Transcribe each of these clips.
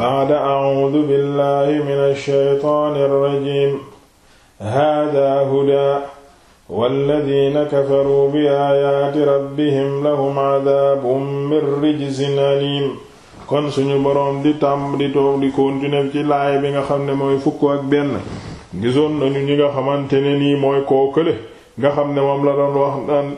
ba'da a'uudu billahi mina shaytaani rajiim haadaa hudaa walladiina kafaruu rabbihim lahum cadaabun min rijzin aliim kon suñu boroom di tam di toog di continuer ci laay bi nga xam ne mooy fukk ak benn gisoon nañu ñi nga xamante ne nii mooy koo kële nga xam ne moom la doon wax naan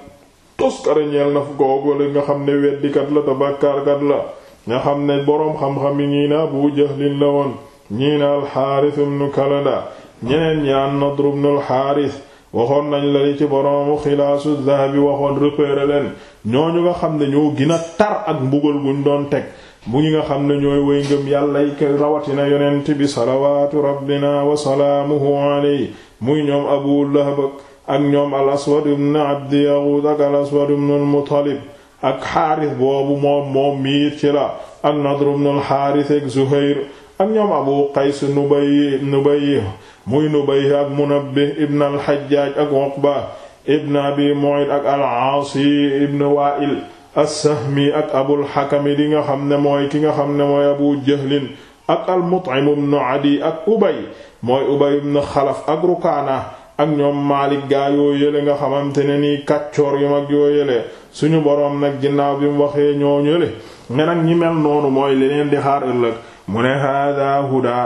toskarañeel na fu koo kële nga xam ne weddikat la te bàkkaarkat la nga xam ne boroom xam-xam yi ñii na Abu Jahlin la woon ñii na alxaaris ibnu Kalada ñeneen ñi an Nadr ibnu alxaaris waxoon nañ la li ci boroomu xilaasu zahabi waxoon repérer leen ñooñu nga xam ne ñoo gën a tar ak mbugal guñ doon teg bu ñi nga xam ne ñooy way ngëm yàlla yi rawatina yonent bi salawaatu rabbina wa salaamuhu alayhi muy ñoom Abu Lahab ak ñoom al aswad ibnu abdi yaguud ak al aswad ibnu al muttalib ak xaaris boobu moom moom miir ci la ak Nadr ibn al-Haaris ak Zuhayr ak ñoom Abu Qays Nubay muy Nubay ak Munabbih ibn al-Hajjaj ak Uqba ibn Abi Mu'ayt ak al-Aasi ibn Waa'il as-Sahmi ak Abul Hakam di nga xam ne mooy ki nga xam ne mooy Abu Jahlin ak al-Mut'im ibn Adi ak Ubay mooy Ubay ibn Xalaf ak Rukaana ak ñoom Maalik gaa yoo yële nga xamante ne nii kàccoor yu mag yoo yële suñu boroom nag ginnaaw bi mu waxee ñoo ñële ne nag ñi mel noonu mooy leneen di xaar ëllëg mu ne hada huda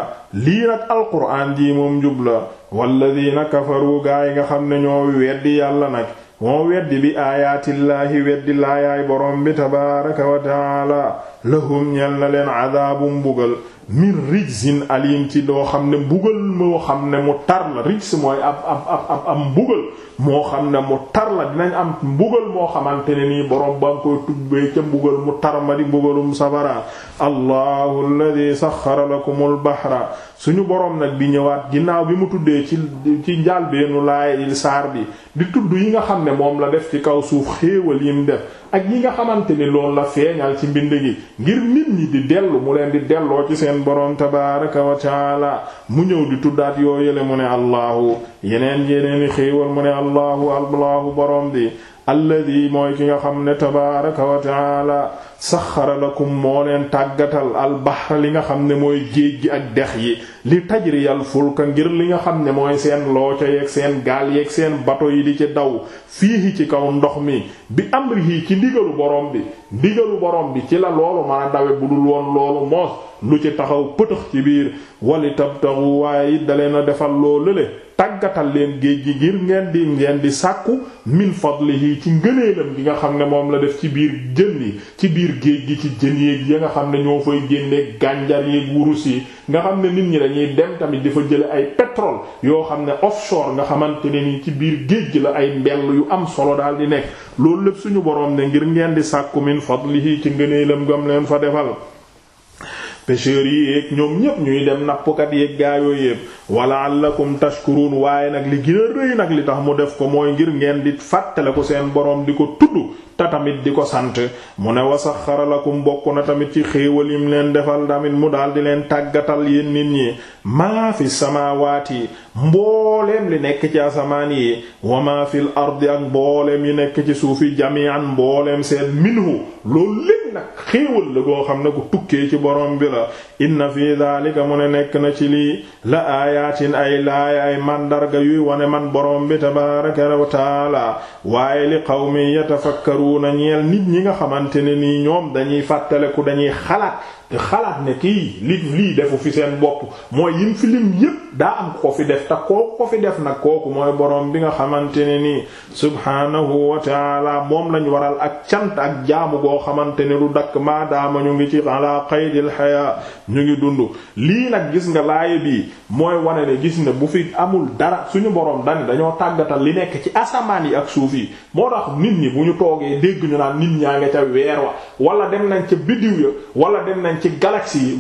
lii nag alquraan jii moom njub la walladina kafaru gaa yi nga xam ne ñoo weddi yàlla nag moo weddi bi aayaatillaahi weddi laayaay boroom bi tabaaraka wa taala lahum ñel na leen adaabum mbugal min rijsin alim ci doo xam ne mbugal moo xam ne mu tar la rijs mooy ab ab ab ab mbugal moo xam ne mu tar la dinañ am mbugal moo xamante ne nii borom ba nga koy tubbee ca mbugal mu tar ma di mbugalum sabara allahu alladhi saxxara lakumul bahra suñu borom nag bi ñëwaat ginnaaw bi mu tuddee ci ci njaal beenu laay saar bi di tudd yi nga xam ne moom la def ci kaw suuf xéewal yim def ak ñi nga xamante ni loolu la feeñal ci mbind gi ngir nit ñi di dellu mu leen di delloo ci seen boroom tabaraka wa taala mu ñëw di tuddaat yoo yële mu ne allahu yeneen yeneeni xéewal mu ne allahu allahu boroom bi alladi mooy ki nga xam ne tabaaraka wa taala moo leen tàggatal albahra li nga xam ne mooy géej gi ak dex yi li tajriyal fulka ngir li nga xam ne mooy seen looco yeeg seen gaal yeeg seen bato yi di ci daw fiihi ci kaw ndox mi bi amrihi ci ndigalu borom bi ndigalu borom bi ci la loolu mën a dawe bu dul woon loolu moos lu ci taxaw pëtëx ci biir wali tabtaxu waaye it dalee na defal loolu le tàggatal leen géej gi ngir ngeen di ngeen di sàkku min yi ci ngëneelam gi nga xam ne moom la def ci biir jën yi ci biir géej gi ci jën yéeg ya nga xam ne ñoo fay génne gànjar yéeg wurus yi nga xam ne nit ñi dañuy dem tamit di fa jële ay pétrole yoo xam ne offshore nga xamante ne ni ci biir géej gi la ay mbell yu am solo daal di nekk loolu lépp suñu boroom ne ngir ngeen di sàkku min fadlihi ci ngëneelam gam leen fa defal pêcheurs yi yeeg ñoom ñépp ñuy dem nappkat yeeg gaayoo yépp wala allakum tashkurun waaye nag li gën rëy nag li tax mu def ko mooy ngir ngeen di fàttale ko seen boroom di ko tudd te tamit di ko sant mu ne wasaxara lakum bokk na tamit ci xéewal yim leen defal tamit mu daal di leen tàggatal yéen nit ñi maa fi samaawaati mbooleem li nekk ci asamaan yi wa maa fil ardi ak mbooleem yi nekk ci suufi jami'an mbooleem seen minhu loolu lépp nag xéewal la goo xam ne ku tukkee ci borom bi la inna fi daalika mu ne nekk na ci lii la aayaatin ay laaya ay màndarga yuy wane man borom bi tabaaraka wa taala waaye li qawmi yatafakkaruuna ñeel nit ñi nga xamante ne nii ñoom dañuy fàttaleku dañuy xalaat te xalaat ne kii li lii defu fi seen bopp mooy yim fi lim yépp daa am ko fi def te kooku ko fi def nag kooku mooy boroom bi nga xamante ne nii subhaanahu wa taala moom lañ waral ak cant ak jaamu goo xamante ne du dakk maadaama ñu ngi ci ala qaydil haya ñu ngi dund lii nag gis nga laaya bii mooy wane ne gis ne bu fi amul dara suñu boroom dani dañoo tàggatal li nekk ci asamaan yi ak suuf yi moo tax nit ñi bu ñu toogee dégg ñu naan nit ñaa nga ca weer wa wala dem nañ ca biddiw ya wala dem nañ ci galaxie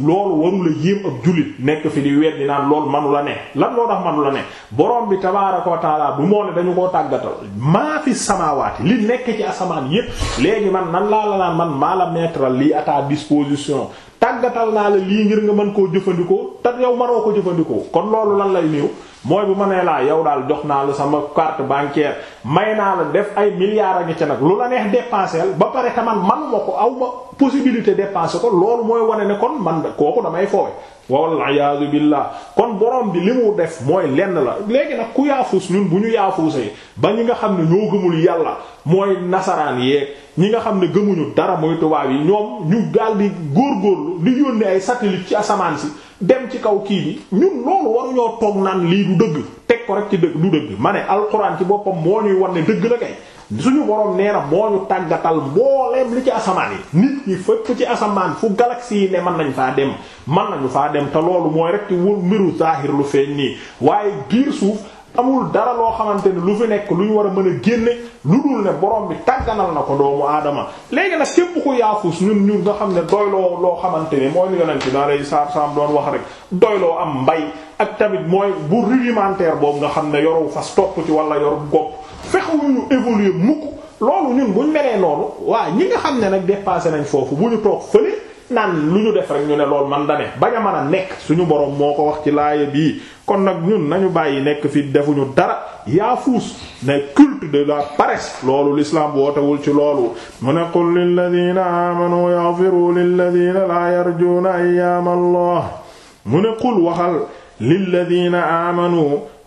weddi naan loolu manu la ne lan loo tax manu la ne borom bi tabaaraka ko taala du moo ne dañu koo tàggatal maa fi samaawaati li nekk ci asamaan yépp léegi man nan laa la naan man maa la mettre lii à ta disposition tàggatal naa la lii ngir nga mën koo jëfandikoo te yow manoo ko jëfandikoo kon loolu lan lay néew. mooy bu ma nee laa yow daal jox naa la sama carte bancaire may naa la def ay milliards a ngi ca nag lu la neex dépenser ba pare taman man ma ko aw ma possibilité dépenser ko loolu mooy wane ne kon man kooku damay foowe walla iyaazu billaah kon boroom bi li mu def mooy lenn la léegi nag ku yaafuus ñun bu ñu yaafuusee ba ñi nga xam ne ñoo gëmul yàlla mooy nasaraan yee ñi nga xam ne gëmuñu dara mooy tubaab yi ñoom ñu gaal di góorgóorlu di yónnee ay satellite ci asamaan si dem ci kaw kii bi ñun loolu waruñoo toog naan lii du dëgg teg ko rek ci dëgg du dëgg ma ne alxuraan ci boppam moo ñuy wan ne dëgg la kay suñu borom nee na moo ñu tàggatal mbooleem li ci asamaan yi nit ñi fépp ci asamaan fu galaxie yi ne mën nañ saa dem man nañu saa dem te loolu mooy rek ci wër mbiru zahir lu feeñ nii waaye biir suuf amul dara loo xamante ne lu fi nekk lu ñu war a mën a génne lu dul ne borom bi tàgganal na ko doomu aadama léegi nag képp ku yaafus ñun ñun nga xam ne doyloo loo xamante ne mooy li yonent bi alayhi salaam doon wax rek doyloo am mbay ak tamit mooy bu rudimentaire boobu nga xam ne yoru fas topp ci wala yoru gopp fexewuñu évoluer mukk loolu ñun buñ melee loolu waa ñi nga xam ne nag dépassé nañ foofu bu ñu toog fële naan lu ñu def rek ñu ne lool man da ne a nekk suñu borom moo ko wax ci laaya bii kon nag ñun nañu bàyyi nekk fi defuñu dara yaa fuus ne culte de la paresse loolu l'islam wootewul ci loolu mu ne qul lilladina aamanu yaghfiru lilladina laa yarjuuna ayyaam allah mu ne qul waxal lilladina aamanu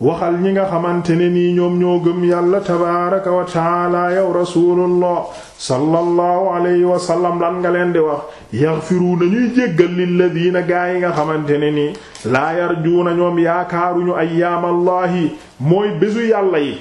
waxal ñi nga xamante ne nii ñoom ñoo gëm yàlla tabaaraka wa taala yow rasulullah sallallahu alayhi wa sallam lan nga leen di wax yaxfiru nañuy jéggal lilladina gaa yi nga xamante ne nii laa yarjuuna ñoom yaakaaruñu ayyaamallahi mooy bésu yàlla yi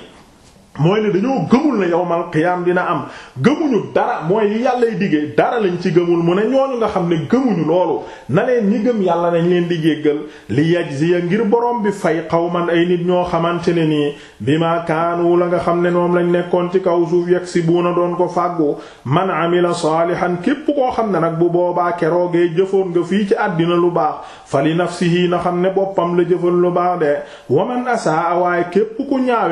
mooy ne dañoo gëmul ne yawmal qiyaam dina am gëmuñu dara mooy yi yàllay diggee dara lañ ci gëmul mu ne ñooñu nga xam ne gëmuñu loolu na leen ñi gëm yàlla nañ leen di jéggal li si yajziya ngir borom bi fay qawman ay nit ñoo xamante ne nii bima kaanu la nga xam ne noom lañ nekkoon ci kaw suuf yaksibuuna doon ko fàggu man amila saalihan képp koo xam ne nag bu boobaa keroogee jëfoon nga fii ci àddina lu baax fa li si na xam ne boppam la jëfoon lu baax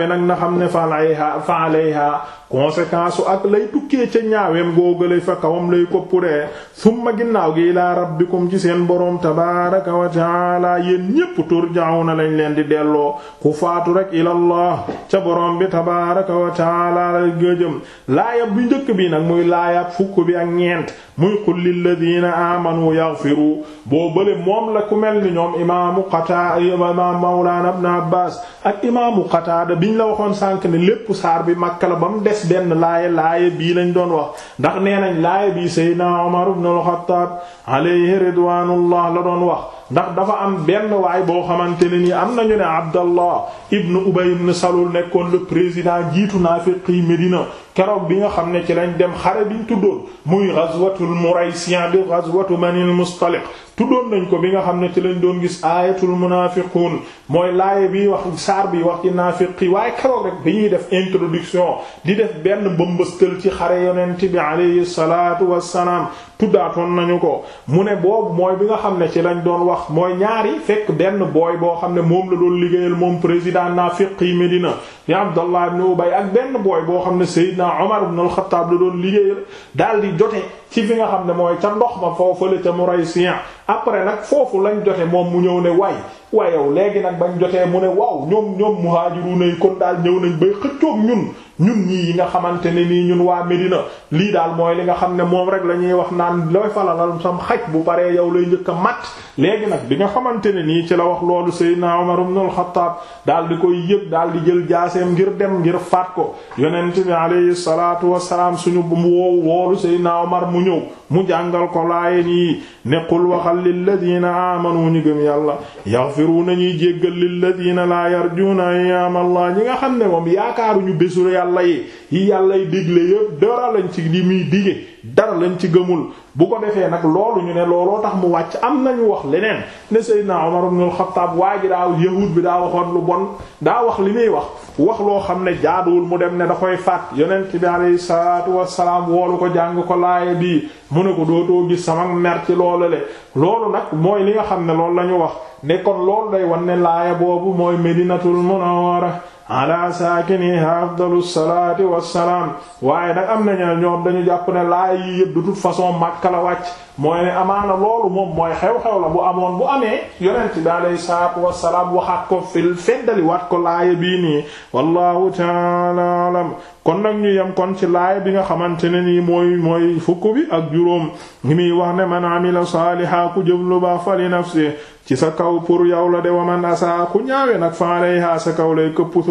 na xam ne fa alayha fa alayha conséquence ak lay tukkee ca ñaaweem googale fa kawam lay koppuree summa ginnaaw gi ilaa rabbikum ci seen boroom tabaaraka wa taala yéen ñépp turja'una lañ leen di delloo ku faatu rek ilallah ca boroom bi tabaaraka wa taala la gëjëm laayab bu njëkk bi nag muy laayab fukk bi ak ñeent muy qul lilladiina aamanu yaghfiru boo bële moom la ku mel ni ñoom imaamu qataa imaam mawlaana ibn abbaas ak imaamu qataada biñ la waxoon sànk ne lépp bépp bi Makka la ba mu des benn laaya laaye bii lañ doon wax ndax nee nañ laaya bii Seydina Umar ibn al-Khattab alayhi ridwaanullah la doon wax ndax dafa am benn waay boo xamante ne nii am nañu ne Abdallah ibn Ubay ibn Salul nekkoon le président jiitu naafiqi Medina keroog bi nga xam ne ci lañ dem xare biñ tuddoon muy ghazwatul Muraysiyan bi ghazwatu Banil Mustaliq tuddoon nañ ko bi nga xam ne ci lañ doon gis aayatul munaafiquun mooy laaye bi wax saar bi wax ci naafiqi waaye keroog rek bi ñuy def introduction di def benn mbëmbëstal ci xare nen yonent bi alayhi salaatu wassalaam tuddaatoon nañu ko mu ne boobu mooy bi nga xam ne ci lañ doon wax mooy ñaari fekk benn booy boo xam ne moom la doon liggéeyal moom président naafiq yi Medina di Abdallah ibn Ubay ak benn booy boo xam ne Seydina Omar ibn al-Khattab la doon liggéeyal daal di jote ci fi nga xam ne mooy ca ndox ma foofale ca Muraysiya après nag foofu lañ jote moom mu ñëw ne way waaye yow léegi nag bañ jotee mu ne waaw ñoom ñoom muhaajiru nay kon daal ñëw nañ bay xëccoog ñun ñun ñii yi nga xamante ne nii ñun waa Medina lii daal mooy li nga xam ne moom rek la ñuy wax naan looy falalal sam xaj bu baree yow lay njëkk a mat léegi nag bi nga xamante ne nii ci la wax loolu Seydina Umar ibn al-Khattab daal di koy yëg daal di jël jaaseem ngir dem ngir faat ko yonent bi alayhi salaatu wassalaam suñu woowu woolu Seydina Umar mu ñëw mu jàngal ko laayeen yi ne qul waxal lilladina aamanu ñu gëm yàlla yaxfiru nañuy jéggal lilladina laa yarjuuna ayyaam allah ñi nga xam ne moom yaakaaruñu bésu yàlla yi yi yàlla yi digle yépp dara lañ ci di muy dige dara lañ ci gëmul bu ko defee nag loolu ñu ne looloo tax mu wàcc am nañu wax leneen ne Seydina naa ibn ñu khattab waa ji daa yahuud bi daa waxoon lu bon daa wax li muy wax wax loo xam ne jaaduwul mu dem ne da koy faat yonent bi alayhi salaatu wassalaam woolu ko jàng ko laaya bii mu ne ko dootoo gis sama mer ci loolu le loolu nag mooy li nga xam ne loolu la ñu wax ne kon loolu day wan ne laaya boobu mooy Medinatul Munawwara ala saakiniha afdalu salaati wassalaam waaye nag am nañu ñoom dañu jàpp ne laa yi yëpp façon Makka la wàcc mooy ne amaana loolu moom mooy xew-xew la bu amoon bu amee yonent bi alayhi salaatu wassalaam waxaat ko fil feddali waat ko laaya bii nii wallahu taala alam kon nag ñu yem kon ci laaya bi nga xamante ne nii mooy mooy fukk bi ak juróom ngi muy wax ne man amila saaliha ku jëm lu baax fali nafsi ci sa kaw pour yow la de wa man asaa ku ñaawe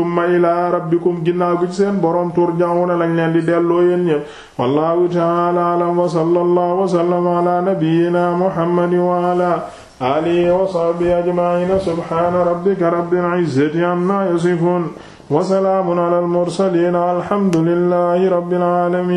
summa ilaa rabbikum ginnaaw gi ci seen boroom turja'una lañ leen di delloo yéen ñépp wallahu ta'ala a'lam wa sallallahu wa sallama ala nabiyyina muhammadin wa ala alihi wa sahbihi ajma'in subhana rabbika rabbil izzati amma yasifun wa salaamun ala al mursalin alhamdulillahi rabbil alamin